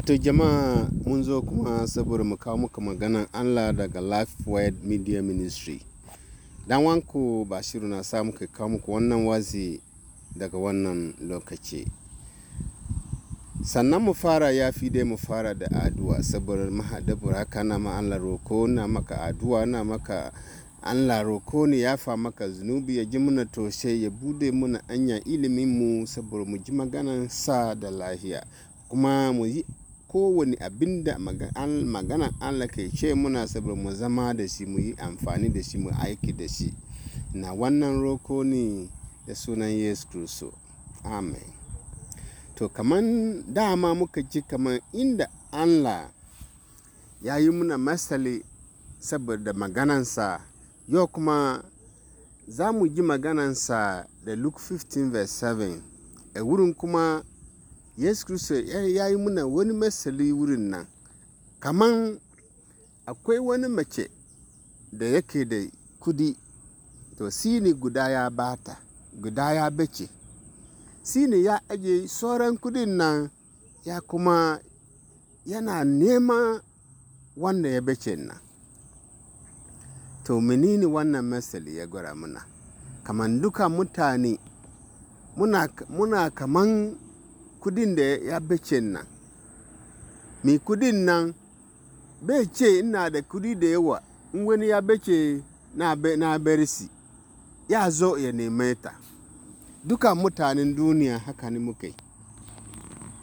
Wato jama'a mun zo kuma saboda mu kawo muka maganan Allah daga Lifewed Media Ministry. Dan wanku Bashiru na sa muka kawo muku wannan wazi daga wannan lokaci. Sannan mu fara ya fi dai mu fara da addu'a saboda mahadabur haka na ma Allah roko na maka addu'a na maka an roko ne ya fa maka zunubi ya ji muna toshe ya bude muna anya ilimin mu saboda mu ji maganan sa da lahiya. kuma mu yi kowane abin da maganan Allah ke ce muna saboda mu zama da shi mu yi amfani da shi mu aiki da shi na wannan roko ne da sunan yesu kristo amen to kaman dama muka ji kaman inda Allah ya yi muna masali saboda maganansa yau kuma za mu ji maganansa da luke 15 verse 7 a wurin kuma yesu kristo ya yi muna wani masali wurin nan kaman akwai wani mace da yake da kudi to sini guda ya bata guda ya bace sini ya aje sauran kudin nan ya kuma yana nema wanda ya bace nan to menene wannan masali ya gwara muna kaman duka mutane muna, muna kaman kudin da ya bece nan mai kudin nan bai ce ina da kudi da yawa in wani ya bece na berisi ya zo ya neme ta duka mutanen duniya haka ne muka yi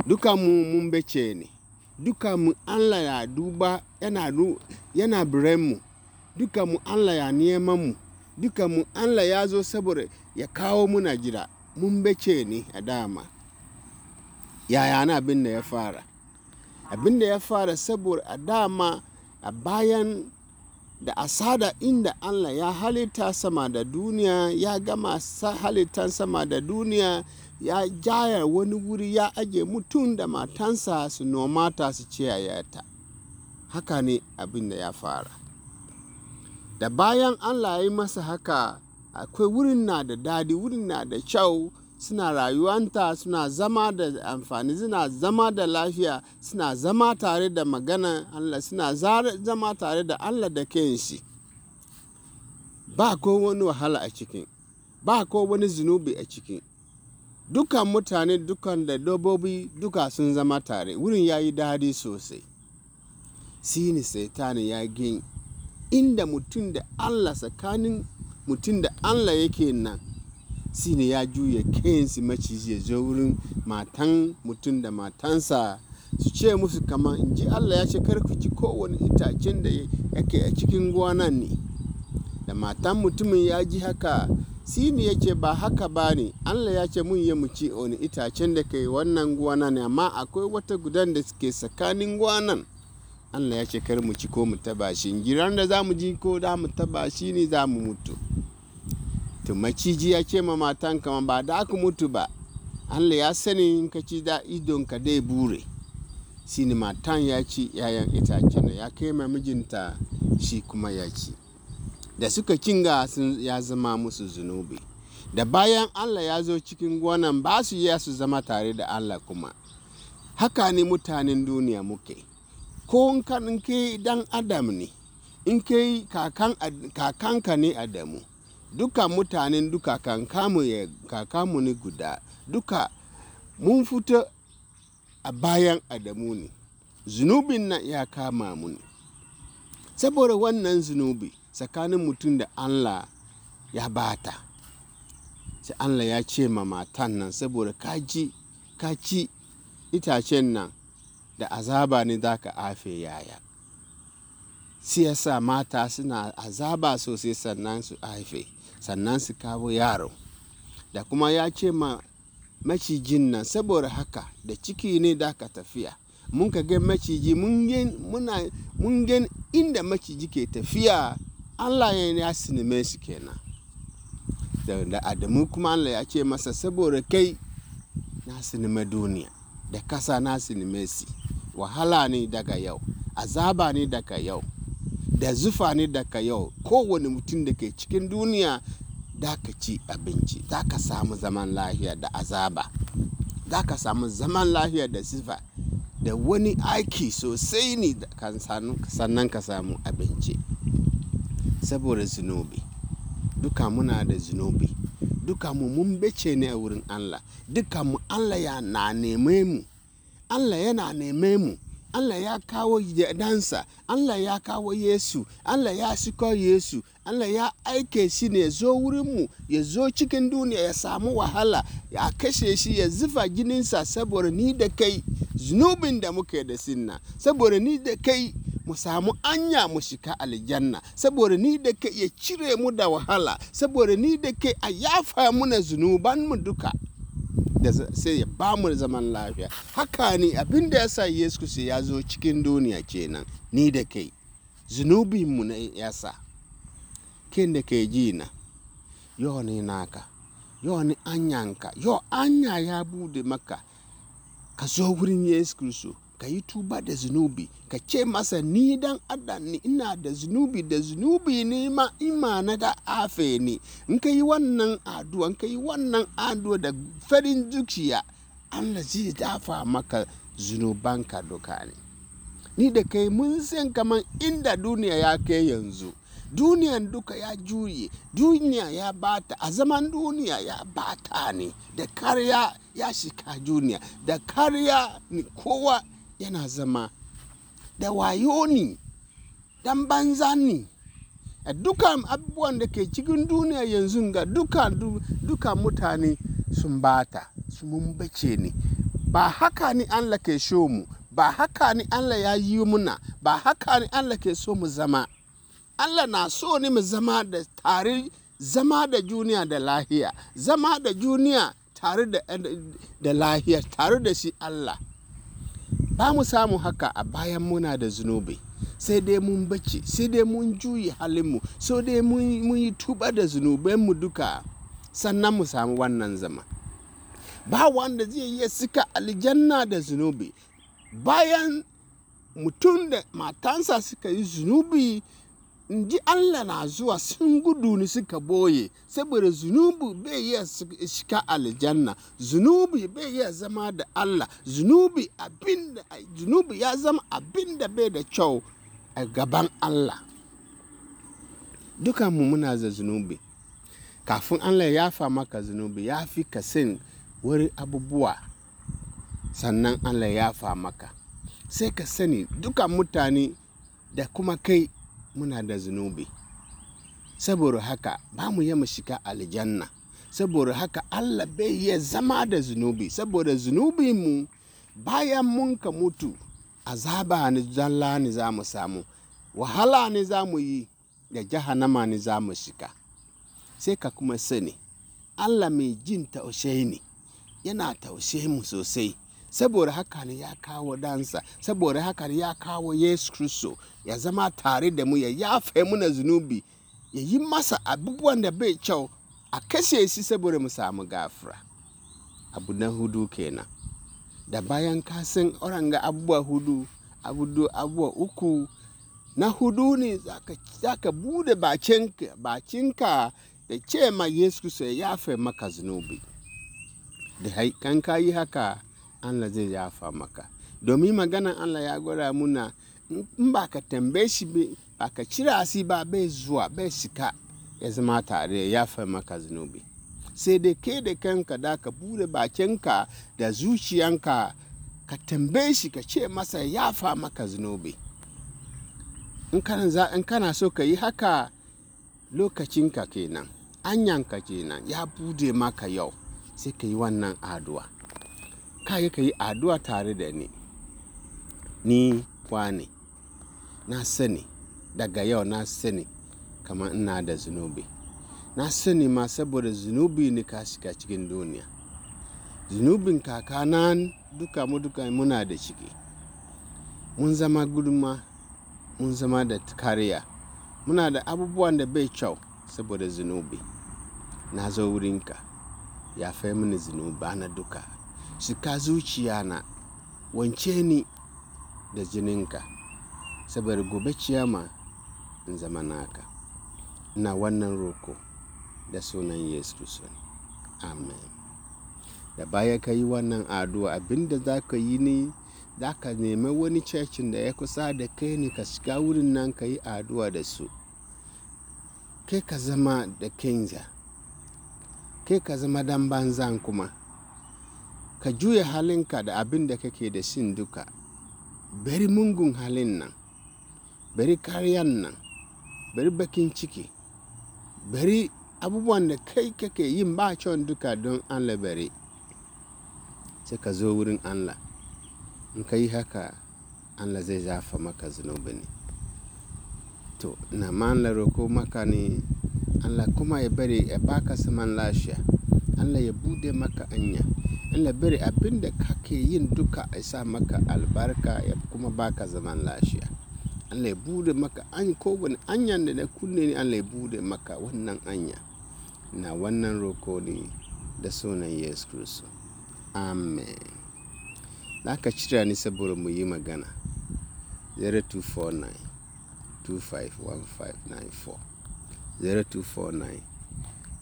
dukan mu mun bece ne duka mu allah ya duba yana, yana mu duka mu allah ya neman mu duka mu allah ya zo saboda ya kawo muna jira mun bece ne a dama yaya na abin da ya fara abin da ya fara saboda a dama a bayan da asada inda allah ya halitta sama da duniya ya gama halittan sama da duniya ya jaya wani wuri ya aje mutum da matansa su nomata su ciyayata haka ne abin da ya fara da bayan allah ya yi masa haka akwai wurin na da dadi wurin na da kyau suna rayuwanta suna zama da amfani suna zama da lafiya suna zama tare da magana allah suna zama tare da allah da shi ba ko wani wahala a cikin ba ko wani zunubi a cikin dukan mutane dukan da dobobi duka sun zama tare wurin ya yi daɗi sosai sini saitani ya gin inda mutum da allah tsakanin mutum da allah yake nan shi ne ya juya kayansu maciji ya wurin matan mutum da matansa su ce musu kama in ji Allah ya ce kar ku ci kowane itacen da yake a cikin gwanan ne da matan mutumin ya ji haka sini ya ce ba haka ba ne Allah ya ce mun yi mu ci wani itacen da ke wannan gwanan ne amma akwai wata gudan da suke tsakanin gwanan Allah ya ce kar mu ci ko mu taba shi giran da za mu ji ko da mu taba shi ne za mu mutu to maciji ya ce ma matan kama ba da aka mutu ba allah ya sani in ka ci da ka dai bure shi ne matan ya ci yayan itace na ya kai ma mijinta shi kuma ya ci da suka kinga sun ya zama musu zunubi da bayan allah ya zo cikin gonan ba su yi su zama tare da allah kuma haka ne mutanen duniya muke ko in ke dan adam ne in kai kakanka ne adamu duka mutanen duka kakanmu ne guda duka mun fito a bayan adamu ne zunubin nan ya kama mu saboda wannan zunubi tsakanin mutum da allah ya bata sai allah ya ce ma matan nan saboda kaji kaci itacen nan da azaba ne za ka afe yaya siyasa mata suna azaba sosai sannan su haife sannan su kawo yaro da kuma ya ce ma macijin nan saboda haka da ciki ne da ka tafiya mun ka gan maciji mun gan inda maciji ke tafiya allah ya ya sinime su kenan da adamu kuma allah ya ce masa saboda kai na sinime duniya da kasa na sinime su wahala ne daga yau azaba ne daga yau da zufa ne daga yau kowane mutum da ke cikin duniya da ka ci abinci za ka samu zaman lafiya da azaba za ka samu zaman lafiya da zufa da wani aiki sosai ne sannan ka samu abinci saboda zunubi duka muna da zunubi duka mu mun bece ne a wurin allah duka mu allah ya na neme mu allah yana neme mu Allah ya kawo dansa, Allah ya kawo Yesu, Allah ya siko Yesu, Allah ya aike shi ne ya zo wurinmu, ya zo cikin duniya ya samu wahala, ya kashe shi ya zufa jininsa saboda ni da kai, zunubin da muke da sinna, saboda ni da kai mu samu anya mu shika aljanna saboda ni da kai ya cire mu da wahala saboda ni da kai a yafa muna zunuban mu duka da sai ya ba mu zaman lafiya haka ne abin da ya sa yesu sai ya zo cikin duniya kenan ni da kai zunubinmu na ya sa kin da kai ji na yau ne naka yau ne anyanka yau anya ya bude maka ka zo wurin yesu kristo ka yi tuba da zunubi ka ce masa ni dan adam ni ina da zunubi da zunubi ne ma ima na da afe ne in ka yi wannan aduwa in ka yi wannan aduwa da farin zuciya Allah zai dafa maka zunubanka duka ne ni da kai mun san kamar inda duniya ya kai yanzu duniyan duka ya juye duniya ya bata a zaman duniya ya bata ne da karya ya shika duniya da karya kowa yana zama da wayo ne dan banza ne a dukan abubuwan da ke cikin duniya yanzu ga duka duka mutane sun bata su mumbace ne ba haka ni Allah ke so mu ba haka ni Allah ya yi muna ba haka ni Allah ke so mu zama Allah na so ni mu zama da tare zama da juniya da lahiya zama da duniya tare da lahiya tare da shi Allah ba mu samu haka a bayan muna da zunubi sai dai mun bace sai dai mun juyi halinmu sai dai mun yi tuba da zunubanmu duka sannan mu samu wannan zama ba wanda zai iya sika aljanna da zunubi bayan mutum da matansa suka yi zunubi in ji Allah na zuwa sun gudu ni suka boye saboda Zunubu bai iya shiga aljanna zunubi bai iya zama da Allah zunubi abinda zunubi ya zama abinda bai da kyau a gaban Allah mu muna za zunubi kafin Allah ya fa maka zunubi ya fi ka sin wuri abubuwa sannan Allah ya fa maka sai ka sani duka mutane da kuma kai muna da zunubi saboda haka ba mu yi shiga aljanna saboda haka allah bai iya zama da zunubi saboda zunubi mu bayan mun ka mutu a azaba ni zalla ni za mu samu wahala ni za mu yi da jahannama ni za mu shiga sai ka kuma sani allah mai jin taushe ne yana taushe mu sosai saboda haka ne ya kawo dansa saboda haka ne ya kawo yesu kristo ya zama tare da mu ya yafe muna zunubi ya yi masa abubuwan da bai kyau a kashe shi saboda mu samu gafura. abu na hudu kenan da bayan kasin san oranga abubuwa hudu abubuwa uku na hudu ne za ka bude bacinka da ce ma yesu kristo ya yafe maka zunubi da kan yi haka Allah zai yafa maka domin maganan Allah ya gwada muna in ba ka tambaye shi ba ka cire asi ba bai zuwa bai shika ya zama tare ya fa maka zunubi sai dai ke da kanka da ka bude bakinka da zuciyanka ka tambaye shi ka ce masa ya fa maka zunubi in kana so ka yi haka lokacinka kenan anyanka kenan ya bude maka yau sai ka yi wannan aduwa ka yi ka yi addu'a tare da ni ni wane na sani daga yau na sani kamar ina da zunubi na sani ma saboda zunubi ne ka shiga cikin duniya zunubin kakana duka mu duka muna da ciki mun zama gudunma mun zama da kariya muna da abubuwan da bai kyau saboda zunubi na zo wurinka ya fai mini zunubi na duka cika zuciya na, wance ni da jininka, saboda gobe ciyama in zama naka. na wannan roko da sunan Yesu Kiristi. Amen. Da baya ka yi wannan addu'a, abinda za ka yi ne, za ka nemi wani cecin da ya kusa da kai ne ka shiga wurin nan ka yi addu'a da su. Kai ka zama da kenya kai ka zama dan banzan kuma. ka juya halinka da abin da kake da sin duka bari mungun halin nan bari karyan nan bari bakin ciki bari abubuwan da kai kake yin ba kyau duka don allah bari sai ka zo wurin allah in ka yi haka allah zai zafa maka zunubi ne to na ma laro roko maka ne allah kuma ya bari ya baka saman lashiya allah ya bude maka anya Alabari abin da kake yin duka a sa maka albarka ya kuma baka zaman lafiya. Allah ya bude maka an ko kowane hanya da na kunne Allah ya bude maka wannan anya Na wannan roko ne da sunan Yesu kristo Amen. Zaka cira ni saboda mu yi magana. 0249 251594 0249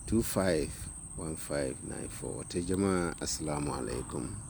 25 1594 wata jama'a assalamu alaikum